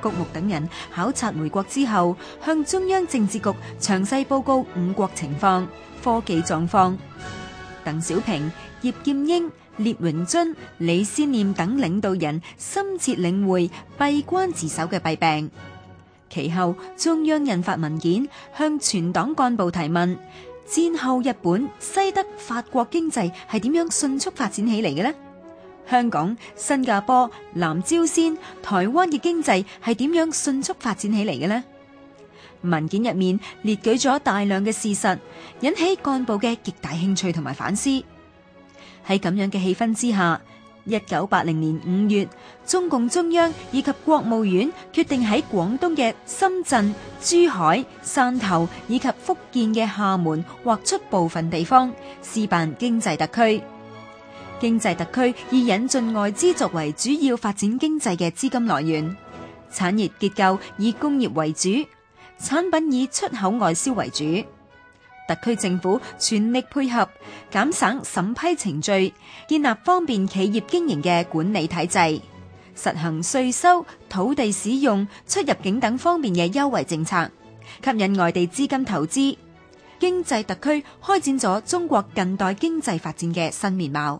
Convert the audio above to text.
谷牧等人考察回國之後，向中央政治局詳細報告五國情況、科技狀況。鄧小平、葉劍英、聶榮臻、李先念等領導人深切領會閉關自守嘅弊病。其後，中央印發文件，向全黨幹部提問：戰後日本、西德、法國經濟係點樣迅速發展起嚟嘅咧？香港、新加坡、南朝鮮台灣嘅經濟係點樣迅速發展起嚟嘅呢？文件入面列舉咗大量嘅事實，引起幹部嘅極大興趣同埋反思。喺咁樣嘅氣氛之下，一九八零年五月，中共中央以及國務院決定喺廣東嘅深圳、珠海、汕頭以及福建嘅廈門劃出部分地方，試辦經濟特區。經濟特區以引進外資作為主要發展經濟嘅資金來源，產業結構以工業為主，產品以出口外銷為主。特區政府全力配合，減省審批程序，建立方便企業經營嘅管理體制，實行稅收、土地使用、出入境等方面嘅優惠政策，吸引外地資金投資。經濟特區開展咗中國近代經濟發展嘅新面貌。